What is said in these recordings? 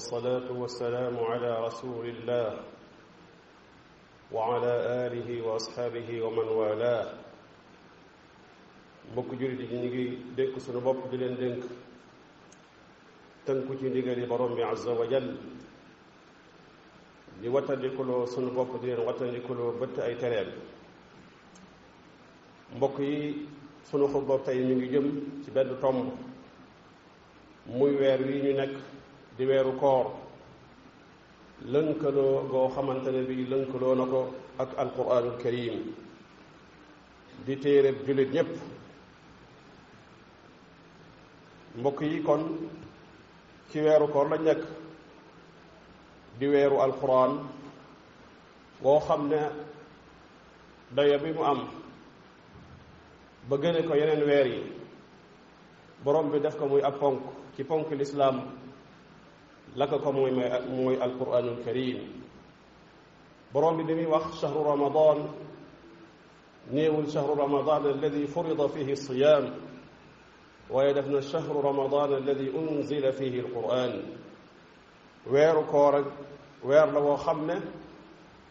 والصلاة والسلام على رسول الله وعلى آله وأصحابه ومن والاه mbokk jullit yi ñu ngi dénk suñu bopp di leen dénk tënku ci ndigali borom bi wa jal di wattandikuloo suñu bopp di leen wattandikuloo bëtt ay tereem mbokk yi sunu xutba tey ñu ngi jëm ci benn tomb muy weer wi ñu nekk di weeru koor lënkaloo goo xamante ne bi lënkaloo na ko ak alquranul karim di téereb jullit ñépp mbokk yi kon ci weeru koor lañ nekk di weeru alquran woo xam ne dayo bi mu am ba gëne ko yeneen weer yi borom bi def ko muy ab ponk ci ponk lislaam la ko ko mooy mooy alquranul karim borom bi damuy wax chahru ramadan néewul chahru ramadan alladi furida fihi siyam waaye def na chahru ramadan alladi unzila fihi alquran weeru weer la woo xam ne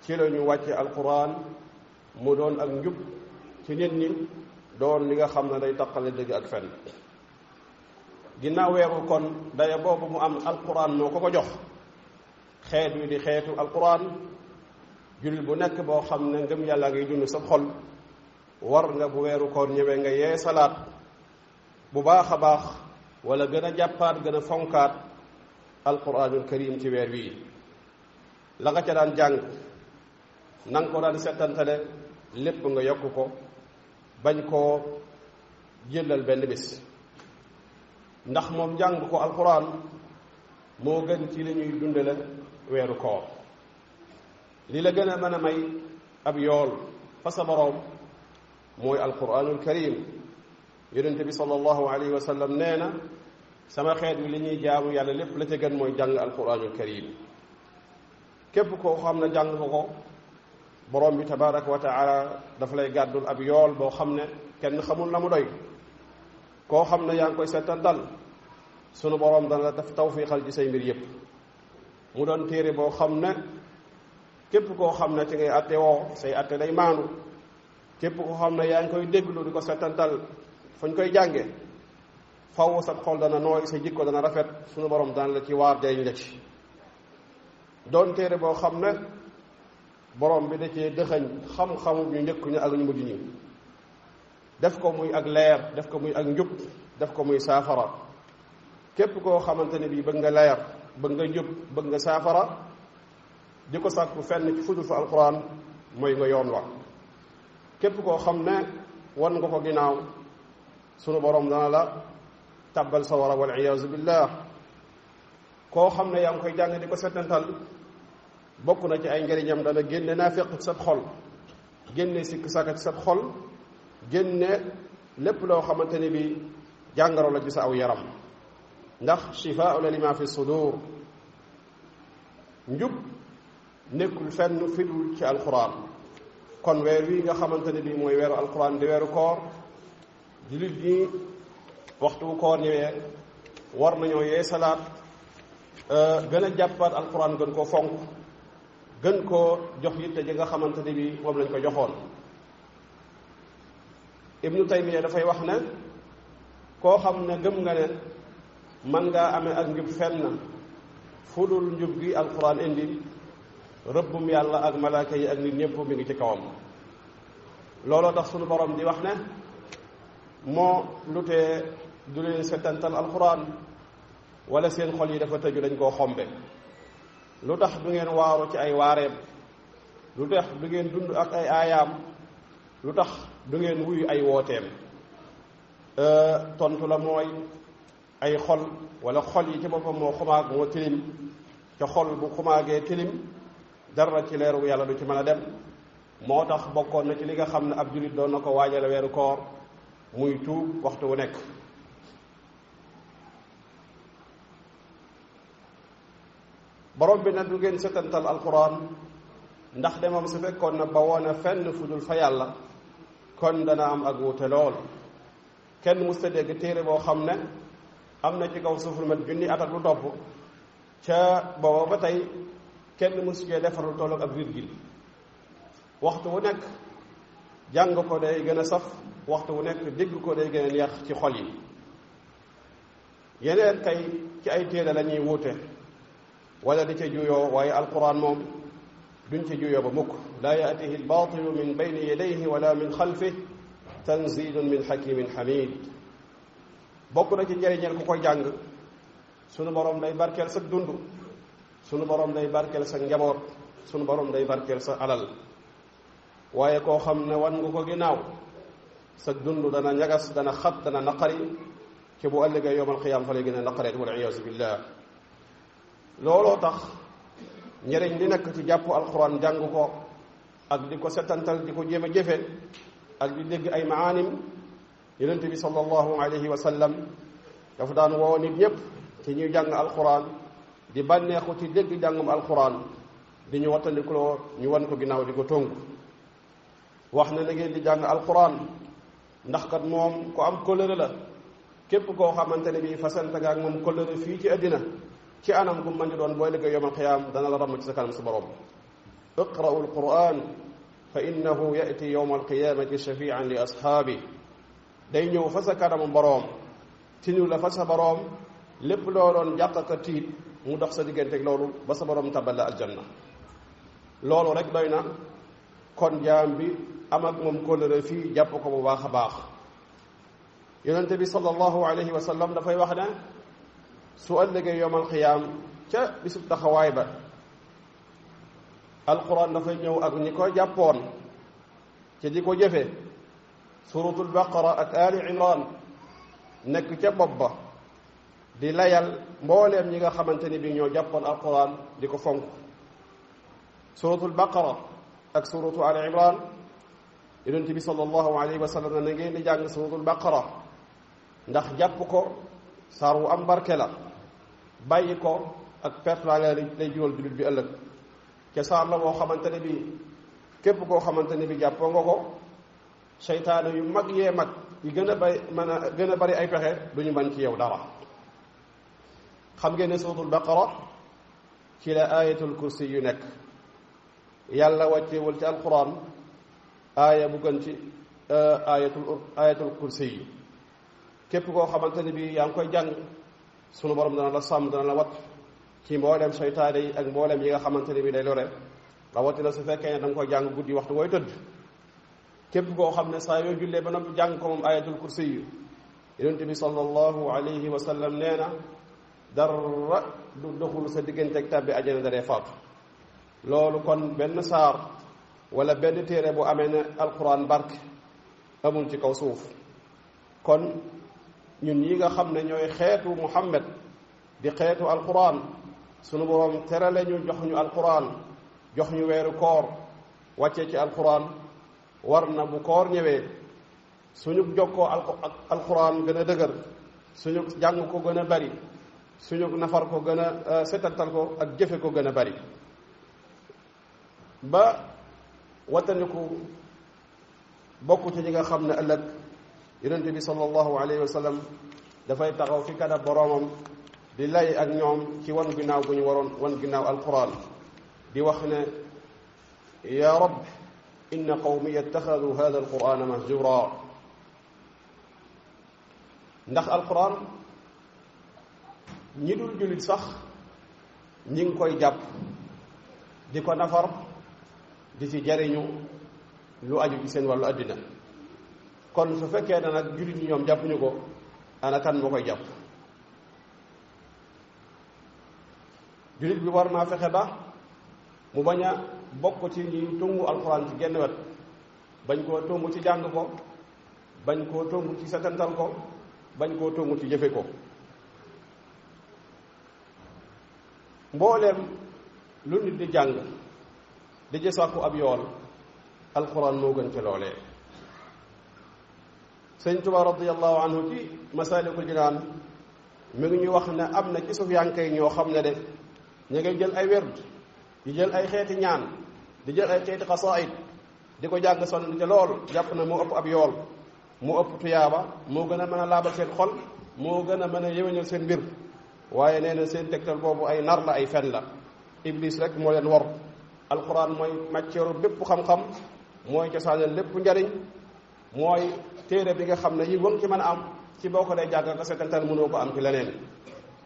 ci la ñu wàcce alquran mu doon ak njub ci nit ñi doon li nga xam ne day taqale dëgg ak fen ginnaaw weeru kon daya boobu mu am alquran moo ko ko jox xeet wi di xeetu alquran jullit bu nekk boo xam ne ngëm yàlla ngay dund sa xol war nga bu weeru koor ñëwee nga yee salaat bu baax a baax wala gën a jàppaat gën a fonkaat alquranul karim ci weer wii la nga ca daan jàng nan nga ko daan settantale lépp nga yokk ko bañ koo jëlal benn bis ndax moom jàng ko alxuraan moo gën ci lañuy ñuy dundale weeru koor li la gën a man a may ab yool fa sa boroom mooy alquranul karim yonente bi sallallahu alayhi wa sallam nee na sama xeet wi li ñuy jaamu yàlla lépp la ca gën mooy jàng alquranul karim képp koo xam ne jàng ko boroom bi tabaraka wa taala dafa lay gàddul ab yool boo xam ne kenn xamul la mu doy koo xam ne yaa ngi koy seetantal sunu boroom dana la def tawfiixal ci say mbir yépp mu doon téere boo xam ne képp koo xam ne ci ngay atte woo say atte day maandu képp koo xam ne yaa ngi koy déglu di ko seetantal fu ñu koy jànge faw sa xol dana nooy sa jikko dana rafet sunu borom dana la ci waar jariñ la ci doon téere boo xam ne boroom bi da cee dëxañ xam-xamu ñu njëkk ñu ak ñu mujj ñi def ko muy ak leer def ko muy ak njub def ko muy saafara képp koo xamante ne bii bëgg nga leer bëgg nga njub bëgg nga saafara di ko sàkku fenn ci fudul fa alquran mooy nga yoon wa képp koo xam ne wan nga ko ginnaaw sunu borom dana la tàbbal sawara wal iyaazu billah koo xam ne yaa ngi koy jàng di ko settantal bokk na ci ay njëriñam dana génne naafiq ci sab xol génne sikk sàkk ci sab xol génne lépp loo xamante ni bi jàngaroo la ci sa aw yaram ndax shifaau la lima sudur njub nekkul fenn fidul ci alquran kon weer wi nga xamante ne bi mooy weeru alquran di weeru koor jullit ñi waxtu wu koor ñëwee war nañoo yee salaat euh, gën a jàppaat alquran gën ko fonk gën ko jox yi ji nga xamante ne bi moom lañ ko joxoon ibnu taymiya dafay wax ne koo xam ne gëm nga ne man ngaa amee ak njub fenn fu dul njub gi alquran indi rëbbum yàlla ak malaaka yi ak nit ñëpp mi ngi ci kawam looloo tax sunu borom di wax ne moo lu tee du leen setantal alquran wala seen xol yi dafa tëju dañ koo xombe lu tax du ngeen waaru ci ay waareem lu tax du ngeen dund ak ay aayaam lu tax du ngeen wuyu ay wooteem euh, tontu la mooy ay xol wala xol yi ci boppam moo xumaag moo tilim ca xol bu xumaagee tilim dara ci leeru yàlla du ci mën a dem moo tax bokkoon na ci li nga xam ne ab jullit doon na ko waajale weeru koor muy tuub waxtu wu nekk borom bi nag du ngeen setantal alquran ndax demam su fekkoon na ba woon a fenn fu dul fa yàlla kon dana am ak wuute lool kenn mus ta dégg téere boo xam ne am na ci kaw suuf lu mat junni at ak lu ca booba ba tey kenn mus cee defar lu tolloog ak virgule waxtu wu nekk jàng ko day gën a saf waxtu wu nekk dégg ko day gën a neex ci xol yi yeneen tey ci ay téere lañuy wuute walla di ca juyoo waaye alquran moom duñ ca juyoo ba mukk لا يأته الباطل من بين يديه ولا من خلفه tanzilun min hakimin hamid bokk na ci njëriñal ku koy jàng sunu borom day barkeel sa dund sunu borom day barkeel sa njaboot sunu borom day barkeel sa alal waaye koo xam ne wan nga ko ginnaaw sa dund dana ñagas dana xat dana naqari ci bu ëllëgee yoomal xiyaam fa lay gën a naqareet wal iyaasu billah looloo tax njëriñ li nekk ci jàpp alxuraan jàng ko ak di ko setantal di ko jéem a jëfe ak di dégg ay maanim yonent bi sallallahu alayhi wa sallam dafa daan woo nit ñëpp ci ñuy jàng alquran di bànneexu ci dégg jàngum alquran di ñu wattandikuloo ñu wan ko ginnaaw di ko tongu wax ne na ngeen di jàng alquran ndax kat moom ko am kóllëre la képp koo xamante ne bii fasante nga ak moom kóllëre fii ci àddina ci anam gu mën di doon booy liggéey yomal xiyaam dana la ramm ci sa kanam su borom اقرأوا القرآن فإنه يأتي يوم القيامة شفيعا لأصحابه day ñëw fa sa kanamu boroom tinu la fa sa boroom lépp loo doon jàq mu dox sa digganteeg loolu ba sa boroom tabal la aljanna loolu rek doy na kon jaam bi am ak moom kóllëre fii jàpp ko bu baax a baax yonente bi sallallahu alayhi wa sallam dafay wax ne su ëllëgee ca bisub taxawaay ba alquran dafay ñëw ak ñi ko jàppoon ci di ko jëfe suratul baqara ak ali imran nekk ca bopp ba di layal mbooleem ñi nga xamante ni bi ñoo jàppoon alquran di ko fonk suratul baqara ak suratu ali imran yonent bi sallallahu alayhi wa sallam na ngeen di jàng suratul baqara ndax jàpp ko saar wu am barke la bàyyi ko ak perte laa lay jural jullit bi ëllëg cosaan la boo xamante ne bi képp koo xamante ne bi jàppoo nga ko seytaane yu mag yee mag yi gën a bay mën a gën a bari ay pexe du ñu mën ci yow dara xam ngeen ne suuratul baqara ci la ayatul kursi yu nekk yàlla wàccewul ci alquran aaya bu gën ci eh, ayatul ayatul kursi yi képp koo xamante ne bi yaa ngi koy jàng sunu borom dana la sàmm dana la wat ci mboolem seytaane yi ak mboolem yi nga xamante ne bi day lore rawatina su fekkee ne da nga ko jàng guddi waxtu wooy tëdd képp koo xam ne saa yoo jullee ba noppi jàng ko moom ayatul kursi yu yonente bi sallallahu alayhi wa sallam nee na dara du doxul sa diggante ak tàbbi ajana daree faatu loolu kon benn saar walla benn téere bu amee ne alquran barke amul ci kaw suuf kon ñun yi nga xam ne ñooy xeetu muhammad di xeetu alquran sunu borom terale ñu jox ñu alquran jox ñu weeru koor wàccee ci alquran war na bu koor ñëwee suñu jokkoo ak alquran gën a dëgër suñu jàng ko gën a bari suñu nafar ko gën a euh, setantal ko ak jëfe ko gën a bari ba wataniku bokk ci ñi nga xam ne ëllëg yonent bi sallallahu alayhi wa sallam dafay taxaw fi kanam boroomam di lay ak ñoom ci wan ginnaaw bu ñu waroon wan ginnaaw alquran di wax ne ya rab inna qawmi ittaxadu hada alqurana mahjura ndax alquran ñi dul jullit sax ñi ngi koy jàpp di ko nafar di ci jariñu lu aju ci seen wàllu àddina kon su fekkee ne nag jullit ñoom jàppuñu ko ana moo koy jàpp jullit bi war naa fexe ba mu bañ a bokk ci ñuy tungu alxuraan ci genn wet bañ koo tungu ci jàng ko bañ koo tungu ci setantal ko bañ koo tungu ci jëfe ko mbooleem lu nit di jàng di ci sàkku ab yool alxuraan moo gën ci loolee sëñ Tuba radiallahu anhu ci masaalikul jinaan mi ngi ñu wax ne am na ci suuf yankay ñoo xam ne de ña ngay jël ay werd di jël ay xeeti ñaan di jël ay xeeti xasaayid di ko jàgg sonn te loolu jàpp na moo ëpp ab yool moo ëpp tuyaaba moo gën a mën a laabal seen xol moo gën a mën a yéwéñal seen mbir waaye nee na seen tegtal boobu ay nar la ay fen la iblis rek moo leen war alxuraan mooy matière bépp xam-xam mooy cosaanal lépp njariñ mooy téere bi nga xam ne yi wëng ci mën a am ci boo ko dee jàngal te seetantal mënoo ko am ki leneen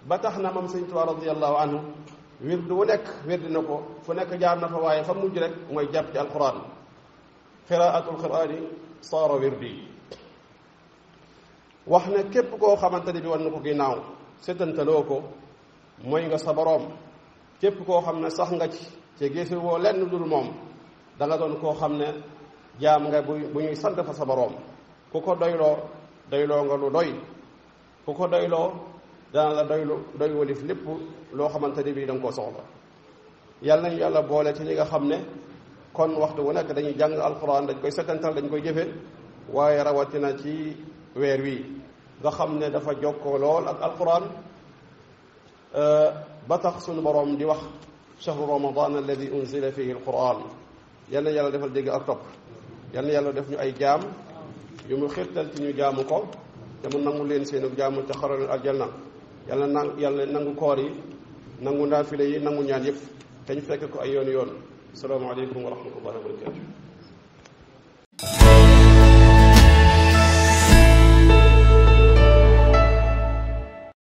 ba tax na moom sëñ Tuubaa radiyallahu wird wu nekk wird na ko fu nekk jaar na fa waaye fa mujj rek mooy jàpp ci alquran qiraatul quraani saara wirdi wax ne képp koo xamante ne bi wan na ko ginnaaw setantaloo ko mooy nga sa boroom képp koo xam ne sax nga ci te gisu woo lenn dul moom da nga doon koo xam ne jaam nga bu bu ñuy sant fa sa boroom ku ko doyloo doyloo nga lu doy ku ko doyloo dana la doylu doy walif lépp loo xamante ni bii da ko koo soxla yàlla nañu yàlla boole ci ñi nga xam ne kon waxtu wu nekk dañuy jàng alxuraan dañ koy setantal dañ koy jëfe waaye rawatina ci weer wi nga xam ne dafa jokkoo lool ak alxuraan ba tax sunu boroom di wax chahru ramadan alladi unzila fihi alquran yal na yàlla defal dégg ak topp yàlla def ay jaam yu mu xirtal ci ñu jaamu ko te mu nangu leen seenu jaamu te xaralal aljanna yàlla na yàlla nangu koor yi nangu naafile yi nangu ñaan yëpp dañ ñu fekk ko ay yoon yoon salaamaaleykum wa rahmatullahi wa barakatu